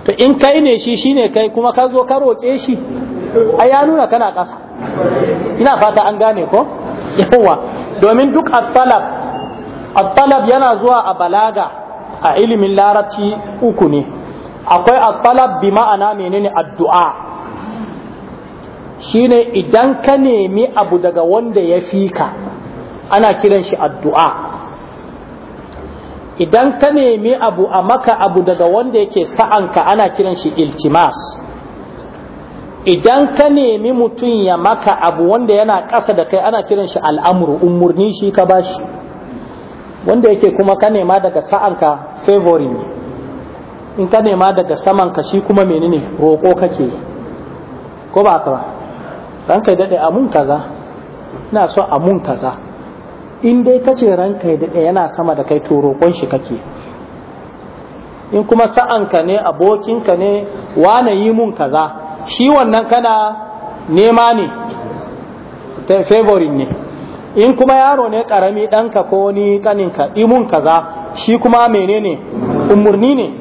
to in kai ne shi shine kai kuma ka zo ka roƙe shi ai ya nuna kana ƙasa ina fata an gane ko yawa domin duk at-talab at-talab yana zuwa a balaga a ilimin larabci uku ne akwai a bi ma'ana menene addu'a shine idan ka nemi abu daga wanda ya fi ka ana kiran shi addu'a idan ka nemi abu a maka abu daga wanda yake sa'anka ana kiran shi iltimas idan ka nemi mutum ya maka abu wanda yana ƙasa da kai ana kiran shi al'amuru umarni shi ka bashi wanda yake kuma ka nema daga sa'anka favorin ne in ka nema daga samanka shi kuma menene roƙo kake ko ba ka ba ranka daɗe amun kaza na so amun kaza in dai kace ranka daɗe yana sama da kai to roƙon shi kake in kuma sa'anka ne abokinka ne wane yi mun kaza shi wannan kana nema ne favoring ne in kuma yaro ne karami ɗanka ko wani kaninka imun kaza shi kuma menene umurni ne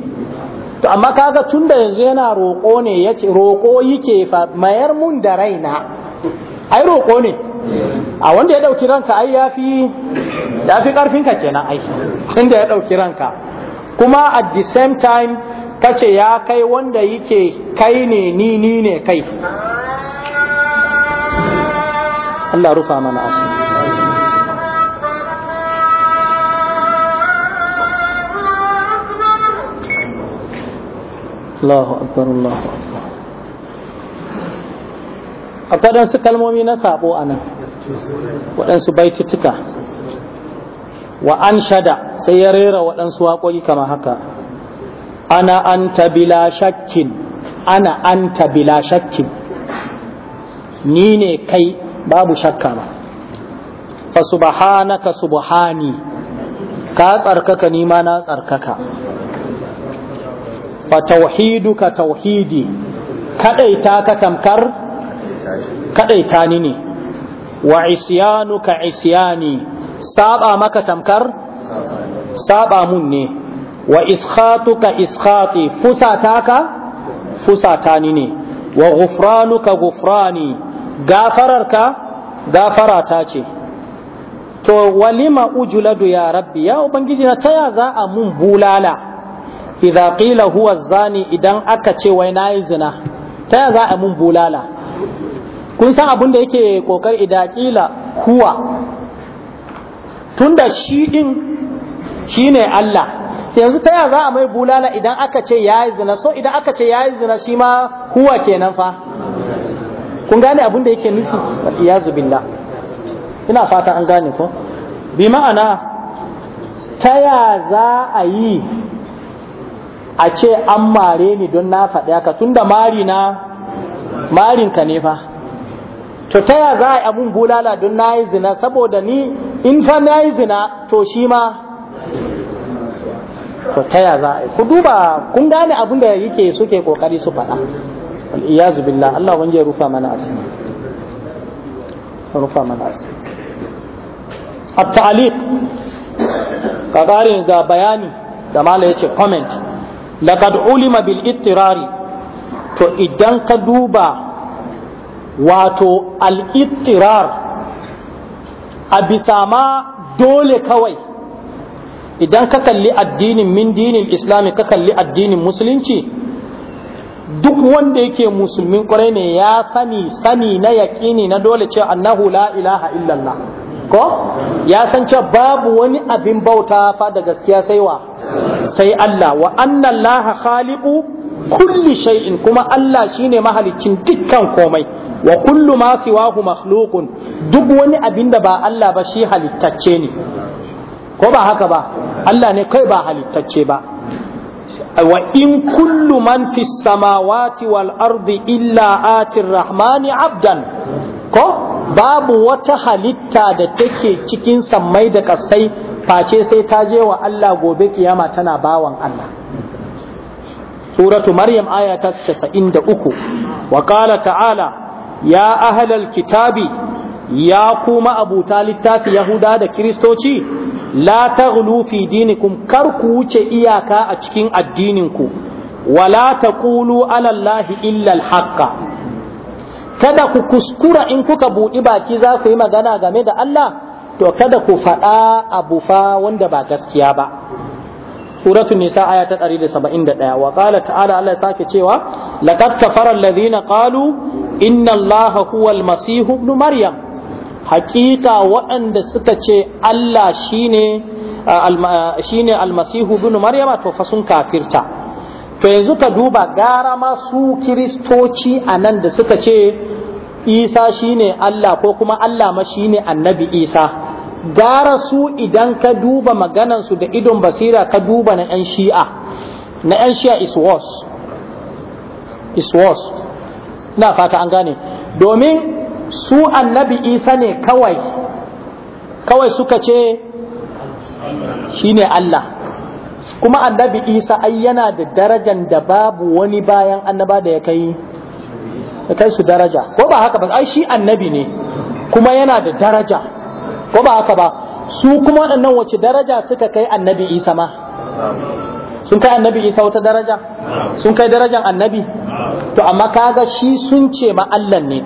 to amma kaga tun da yanzu yana roƙo ne ya ce roƙo yake fa mayar mun da raina ai roƙo ne a wanda ya ɗauki ranka ai ya fi ya fi ƙarfinka kenan ai inda ya ɗauki ranka kuma at the same time kace ya kai wanda yake kai ne ni ni ne kai Allah rufa mana asu Allahu akbar Allahu akbar akwai waɗansu kalmomi na sabo a nan waɗansu baitutuka wa an shada sai ya rera waɗansu waƙoƙi kama haka ana an bila shakkin ana bila shakkin ni ne kai babu shakka ba fa subhanaka subhani ka tsarkaka ni ma na tsarkaka فتوحيدك توحيدي كأيتا كتمكر كأيتا نيني وعسيانك عسياني سابع ما كتمكر سابع مني وإسخاتك إسخاتي فساتاك وغفرانو كغفراني غفراني غافرك غافراتاتي تو ولما أجلد يا ربي يا أبنجي تايزا امم من بولالا idza qila huwa zani idan aka ce wai nayi zina ta za a mun bulala kun san abin da yake kokar idza qila huwa tunda shi din shine Allah yanzu ta za a mai bulala idan aka ce yayi zina so idan aka ce yayi zina shi ma huwa kenan fa kun gane abin da yake nufi iyazu billah ina fata an gane ko bi ma'ana ta ya za a yi a ce an mare ni don na faɗi haka tunda mari na marin ka ne fa to ta ya za a yi abun bulala don na yi zina saboda ni in fa na yi zina to shi ma to ta ya za a yi ku duba kun gane abin da yake suke kokari su faɗa iyazu billah Allah wanje rufa mana asiri rufa mana asiri at-ta'liq ga bayani da mala ce comment laqad ulima bil ittirari to idan ka duba wato al ittirar a bisa ma dole kawai idan ka kalli addinin min dinin islami ka kalli addinin musulunci duk wanda yake musulmin kwarai ne ya sani sani na yaƙini na dole ce annahu la ilaha illallah ko ya san cewa babu wani abin bauta fa da gaskiya sai wa sai Allah wa anna Allah khaliqu kulli shay'in kuma Allah shine mahalicin dukkan komai wa kullu ma siwahu makhluqun duk wani abin da ba Allah ba shi halittacce ne ko ba haka ba Allah ne kai ba halittacce ba wa in kullu man fis samawati wal ardi illa atir rahmani abdan ko babu wata halitta da take cikin sammai da kasai face sai ta je wa Allah gobe kiyama tana bawan Allah suratu maryam aya ta 93 wa qala ta'ala ya ahlal kitabi ya kuma abuta littafi yahuda da kiristoci la taghlu fi dinikum kar ku wuce iyaka a cikin addinin ku wala taqulu ala allahi illa al kada ku kuskura in kuka buɗi baki za ku yi magana game da Allah to kada ku faɗa abu fa wanda ba gaskiya ba suratul nisa aya ta 171 wa qala ta'ala Allah ya sake cewa laqad kafara alladhina qalu inna allaha huwal masih ibn maryam haqiqa waɗanda suka ce Allah shine shine almasihu ibn maryama to fa sun kafirta to yanzu ka duba gara ma su kiristoci a nan da suka ce isa shine Allah ko kuma Allah ma shine annabi isa gara su idan ka duba maganansu da idon basira ka duba na 'yan shi'a na 'yan shi'a is worse is worse na fata an gane domin su annabi isa ne kawai kawai suka ce shine Allah kuma annabi isa ai yana da darajan da babu wani bayan annaba da ya kai kai su daraja ko ba haka ba ai shi annabi ne kuma yana da daraja ko ba haka ba su kuma waɗannan wace daraja suka kai annabi isa ma sun kai annabi isa wata daraja sun kai darajan annabi to amma kaga shi sun ce ma Allah ne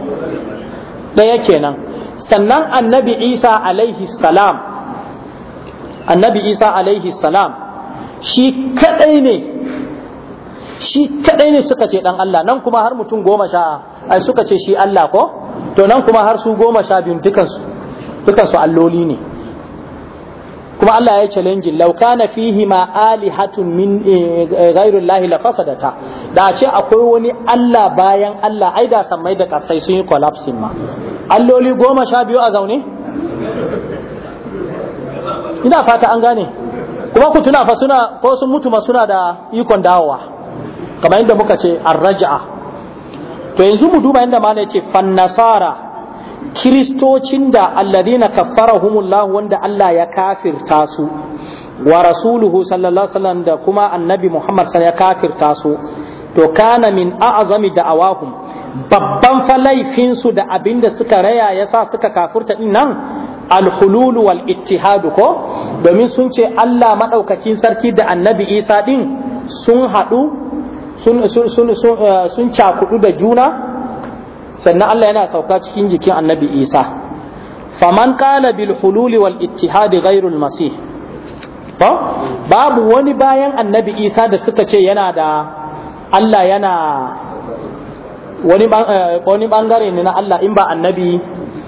ɗaya kenan sannan annabi isa alaihi salam annabi isa alaihi salam shi kadai ne shi kadai ne suka ce dan Allah nan kuma har mutum goma sha ai suka ce shi Allah ko to nan kuma har su goma sha biyun dukan su alloli ne kuma Allah ya challenge law kana fihi ma alihatun min eh, eh, ghairullahi la fasadata da ce akwai wani Allah bayan Allah ai da sammai da kasai sun yi collapse ma alloli goma sha biyu a zaune ina fata an gane kuma ku tuna fa suna ko sun mutu ma suna da ikon dawowa kamar yadda muka ce arraja'a to yanzu mu duba yadda mana yace fan nasara kiristocin da alladhina kaffarahumullah wanda Allah ya kafirta su wa rasuluhu sallallahu alaihi wasallam da kuma annabi Muhammad sallallahu ya kafirta su to kana min a'zami da'awahum babban fa laifinsu da abinda suka raya yasa suka kafurta din nan alhulul wal ittihadu ko domin sun ce Allah maɗaukacin sarki da annabi Isa ɗin sun haɗu sun sun sun sun eh, cakudu da juna sannan Allah yana sauka cikin jikin annabi Isa faman qala bil hulul wal ittihadi ghairul masih babu wani bayan annabi Isa da suka ce yana da Allah yana wani eh, bangare ne na Allah in ba annabi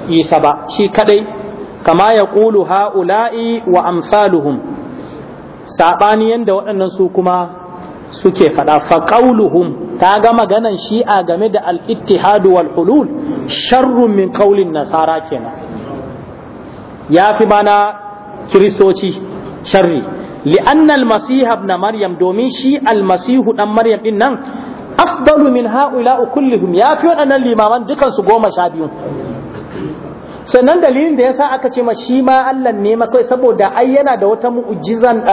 Isa ba shi kadai kama ya ƙulu ha'ula'i wa amsaluhum saɓani yadda waɗannan su kuma suke faɗa faƙauluhum ta ga maganan shi'a game da al'ittihadu wal hulul sharru min ƙaulin nasara kenan ya fi bana kiristoci sharri li'annal masiha na maryam domin shi almasihu ɗan maryam ɗin nan afdalu min ha'ula'u kullihum ya fi waɗannan limaman dukansu goma sha biyu sannan dalilin da ya sa aka ce ma shi ma Allah ne ma kai saboda ai yana da wata mu'jizan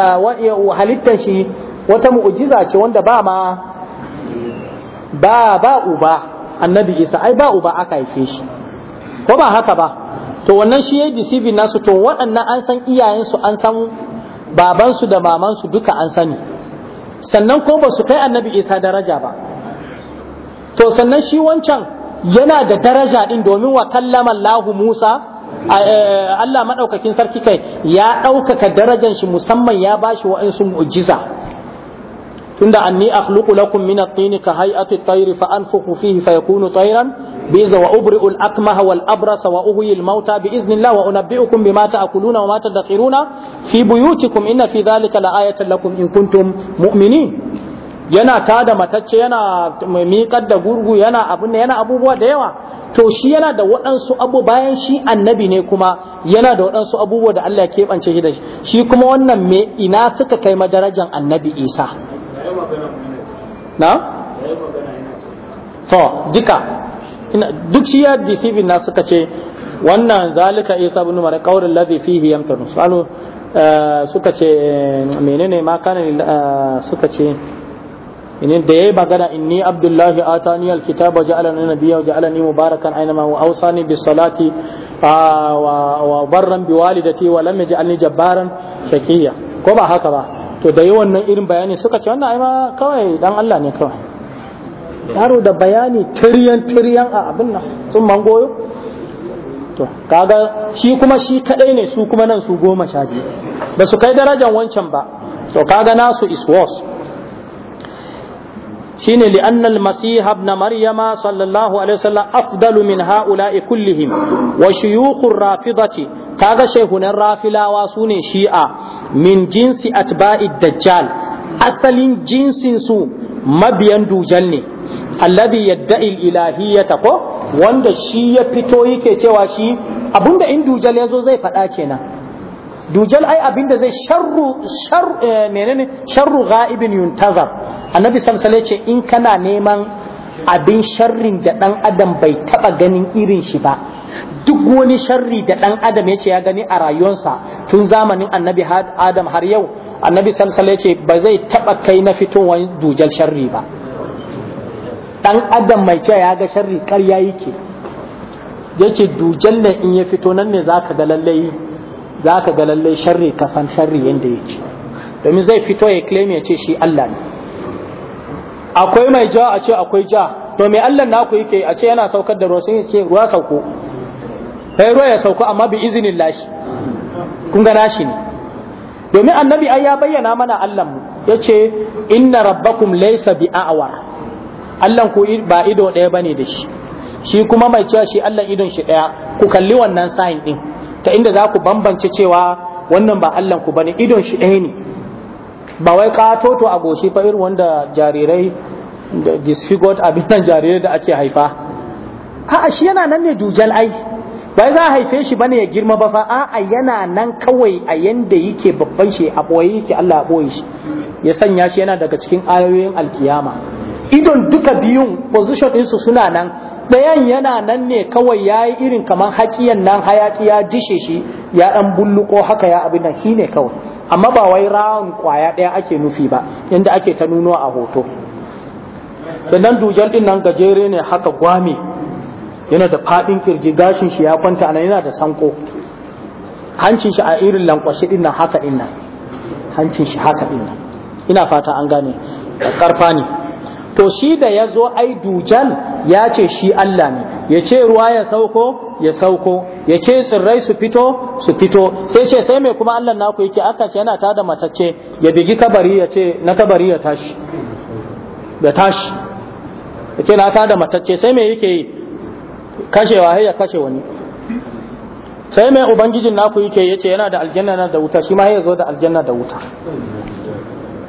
halittar shi wata mu'jiza ce wanda ba ma ba ba uba annabi Isa ai ba uba aka haife shi ko ba haka ba to wannan shi yayi deceiving nasu to waɗannan an san iyayensu an san babansu da mamansu duka an sani sannan ko ba su kai annabi Isa daraja ba to sannan shi wancan yana da daraja ɗin domin wa kallama Allahu Musa eh, Allah madaukakin sarki kai ya ɗaukaka darajan shi musamman ya bashi wa'insu mu'jiza tunda anni akhluqu lakum min at-tini ka hay'ati at-tayr fa anfukhu fihi fayakunu tayran bi wa ubri'u al-akmaha wal abrasa wa uhyi al-mauta bi iznillah wa unabbi'ukum bima ta'kuluna wa ma tadkhiruna fi buyutikum inna fi dhalika la'ayatan lakum in kuntum mu'minin yana ta da matacce yana miƙar da gurgu yana abun yana abubuwa da yawa to shi yana da waɗansu abu bayan shi annabi ne kuma yana da waɗansu abubuwa da Allah ya keɓance shi da shi shi kuma wannan me ina suka kai madarajan annabi Isa na to duka duk shi ya deceiving na suka ce wannan zalika Isa ibn Maryam qaulul ladhi fihi yamtanu eh, suka ce menene ma kana eh, suka ce in da yayi magana inni abdullahi atani alkitaba ja'alani nabiyya ja'alani mubarakan aina wa awsani bis salati wa barran bi walidati wa lam yaj'alni jabbaran shaqiyya ko ba haka ba to da yi wannan irin bayani suka ce wannan ai ma kawai dan Allah ne kawai yaro da bayani tiriyan tiriyan a abin nan sun mangoyo to kaga shi kuma shi kadai ne su kuma nan su goma sha biyu ba su kai darajar wancan ba to kaga nasu is worse shine li annal masih ibn maryama sallallahu alaihi wasallam afdalu min haula'i kullihim wa shuyukhur rafidati kaga shehunan rafilawa sune shi'a min jinsi atba'i dajjal asalin jinsin su mabiyan dujal ne alladhi yadda'i ilahiyata ko wanda shi ya fito yake cewa shi abunda in dujal yazo zai faɗa kenan dujal ai abinda zai sharru shar eh, menene sharru ghaibin yuntazar annabi sallallahu alaihi ce in kana neman abin sharrin da dan adam bai taba ganin irin shi ba duk wani sharri da dan adam yace ya gani a rayuwarsa tun zamanin annabi adam har yau annabi sallallahu alaihi ce ba zai taba kai na fitowar dujal sharri ba dan adam mai ce ya ga sharri karya yake yace dujal ne in ya fito nan ne zaka ga lallai za ka ga lallai sharri ka san sharri yadda yake domin zai fito ya claim ya ce shi Allah ne akwai mai ja a ce akwai ja to mai Allah naku yake a ce yana saukar da ruwa sai ce ruwa sauko sai ruwa ya sauko amma bi izinin lashi kun ga nashi ne domin annabi ai ya bayyana mana Allah mu yace inna rabbakum laysa bi a'war Allah ku ba ido ɗaya bane da shi shi kuma mai cewa shi Allah idon shi ɗaya ku kalli wannan sign din ta inda za ku bambance cewa wannan ba Allah ku bane idon shi ɗaya ne ba wai katoto a goshi fa irin wanda jarirai da disfigured abin nan jarirai da ake haifa a shi yana nan ne dujal ai ba za a haife shi bane ya girma ba fa a'a yana nan kawai a yanda yake babban shi a boye yake Allah ya boye shi ya sanya shi yana daga cikin ayoyin alkiyama idon duka biyun position su suna nan ɗayan yana nan ne kawai ya yi irin kaman haƙiyan nan hayaki ya dishe shi ya ɗan bulluko haka ya abin nan shi kawai amma ba wai rawan kwaya ɗaya ake nufi ba inda ake ta nuno a hoto sannan dujal ɗin nan gajere ne haka gwami yana da faɗin kirji gashin shi ya kwanta nan yana da sanko hancin shi a irin lankwashe ɗin nan haka ɗin nan hancin shi haka ɗin nan ina fata an gane ƙarfa ne to shi da ya zo ai dujal ya ce shi Allah ne ya ce ruwa ya sauko ya sauko ya ce tsirrai su fito su fito sai ce sai mai kuma Allah naku yake aka ce yana tada matacce ya bigi kabari ya ce na kabari ya tashi ya tashi ya ce na tada matacce sai mai yake yi kashewa ya kashe wani sai mai ubangijin naku yake yace yana da aljanna da wuta shi ma ya zo da aljanna da wuta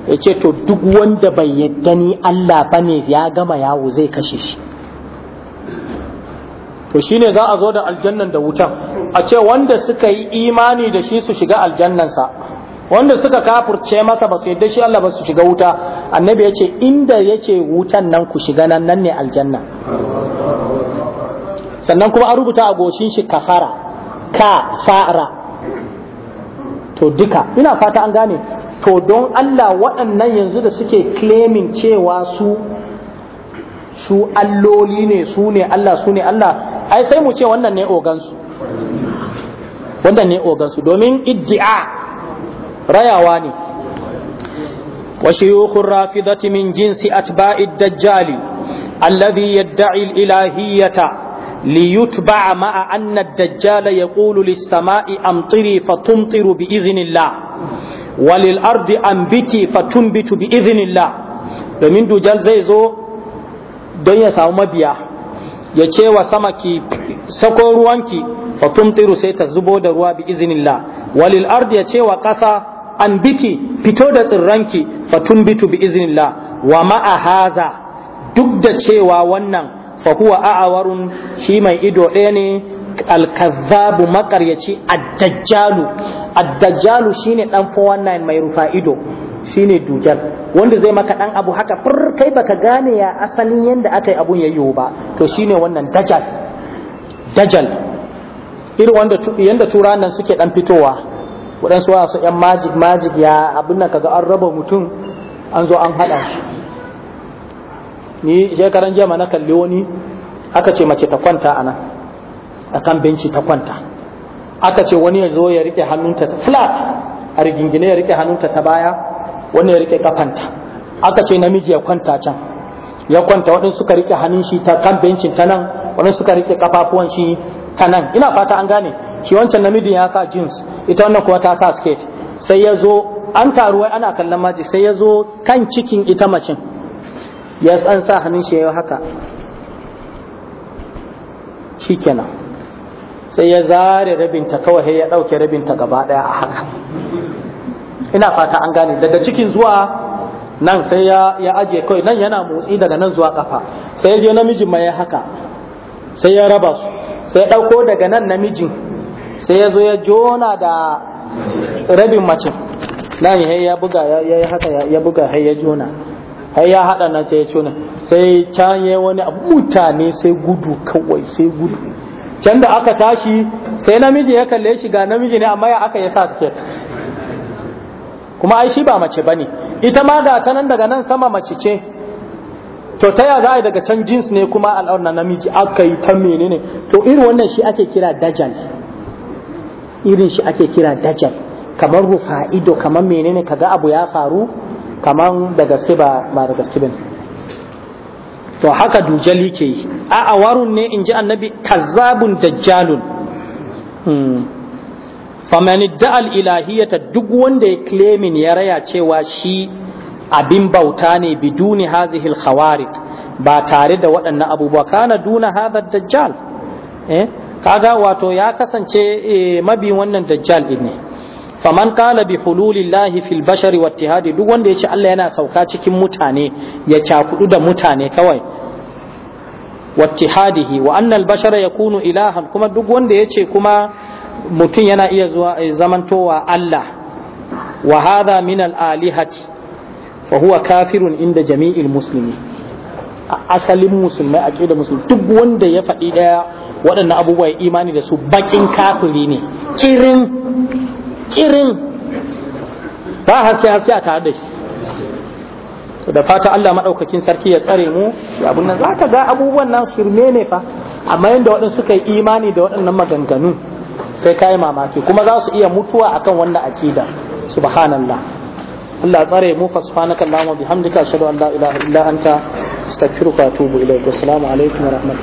ya ce to duk wanda bai yadda ni Allah ba ne ya gama yawo zai kashe shi to ne za a zo da aljannan da wutan a ce wanda suka yi imani da shi su shiga aljannansa wanda suka kafurce masa ba su yadda shi Allah ba su shiga wuta annabi ya ce inda ya ce wutan nan ku shiga nan nan ne aljanna sannan kuma an rubuta a goshin shi kafara ka fara to duka ina fata an gane to don Allah waɗannan yanzu da suke claiming cewa su su alloli ne su ne Allah su ne Allah ai sai mu ce wannan ne ogansu wannan ne ogansu domin iddia rayawa ne wa shuyukhur rafidati min jinsi atba'id dajjali alladhi yadda'i al-ilahiyyata ليتبع مع أن الدجال يقول للسماء أمطري فتمطر بإذن الله walil ardi fatun bitu bi izinillah. domin dujal zai zo don ya samu mabiya ya ce wa sama ki sako ruwanki fatun tiru sai ta zubo da ruwa bi izinillah. walil ardi ya ce wa kasa biti fito da tsirranki fatunbitu bi izinillah. wa ma'a haza duk da cewa wannan fa a'awarun shi mai ido ɗaya ne alkazabu makaryaci addajjalu addajjalu shine dan 419 mai rufa ido shine dujal wanda zai maka dan abu haka fur kai baka gane ya asalin yanda aka yi abun yayyo ba to shine wannan dajjal dajjal irin wanda yanda tura nan suke dan fitowa wadansu wa wasu yan magic magic ya abin nan kaga an raba mutum an zo an hada shi ni shekaran jama'a na kalli wani aka ce mace ta kwanta anan akan a benci ta kwanta aka ce wani ya zo ya rike hannunta ta flat a rigingine ya rike hannunta ta baya wani ya rike kafanta aka ce namiji ya kwanta can ya kwanta waɗansu suka rike hannun shi ta kan bencin ta nan waɗansu suka rike kafafuwan shi ta nan ina fata an gane shi wancan namijin ya sa jeans ita wannan kuma ta sa skate sai ya zo an taru ana kallon maji sai ya zo kan cikin ita macin ya tsansa hannun shi ya yi haka shikenan sai ya zare rabinta kawai ya ɗauke rabinta gaba ɗaya a haka ina fata an gane daga cikin zuwa nan sai ya ya aje kawai nan yana motsi daga nan zuwa kafa sai ya je namijin ma haka sai ya raba su sai ya ɗauko daga nan namijin sai ya zo ya jona da rabin mace nan ya buga ya yi haka ya buga har ya jona har ya haɗa nan sai ya jona sai can ya wani mutane sai gudu kawai sai gudu can da aka tashi sai namiji ya kalle shi ga namiji ne amma ya aka ya sa sket kuma ai shi ba mace bane ita ma ga ta nan daga nan sama mace ce to ta ya za a daga can jins ne kuma na namiji aka yi ta menene to irin wannan shi ake kira dajal irin shi ake kira dajal kamar rufa'ido kamar menene kaga abu ya faru kamar da gaske ba da gaske bane to haka dujali ke yi a warun ne in ji annabi kazzabun dajjalun hmm. faman da'al ilahiyata duk wanda ya claimin ya raya cewa shi abin bauta ne biduni hazihi al ba tare da waɗannan abubuwa kana duna hada dajjal eh kaga wato ya kasance eh, mabi wannan dajjal din ne faman kala bi hululillahi fil bashari wattihadi duk wanda yace Allah yana sauka cikin mutane ya cakudu da mutane kawai wattihadihi wa anna al bashara yakunu ilahan kuma duk wanda yace kuma mutum yana iya zuwa eh, zamantowa Allah wa hadha min al alihati fa huwa kafirun inda jami'il muslimi asalin musulmai aqida musulmi duk wanda ya faɗi daya waɗannan abubuwa ya imani da su bakin kafiri ne kirin kirin ba haske haske a tare da shi da fata Allah maɗaukakin sarki ya tsare mu abun nan za ka ga abubuwan nan shirme ne fa amma yadda waɗansu suka yi imani da waɗannan maganganu sai ka yi mamaki kuma za su iya mutuwa akan wannan akida subhanallah Allah tsare mu fa subhanaka allahumma bihamdika ashhadu an la ilaha illa anta astaghfiruka wa atubu ilaik assalamu alaikum wa rahmatullahi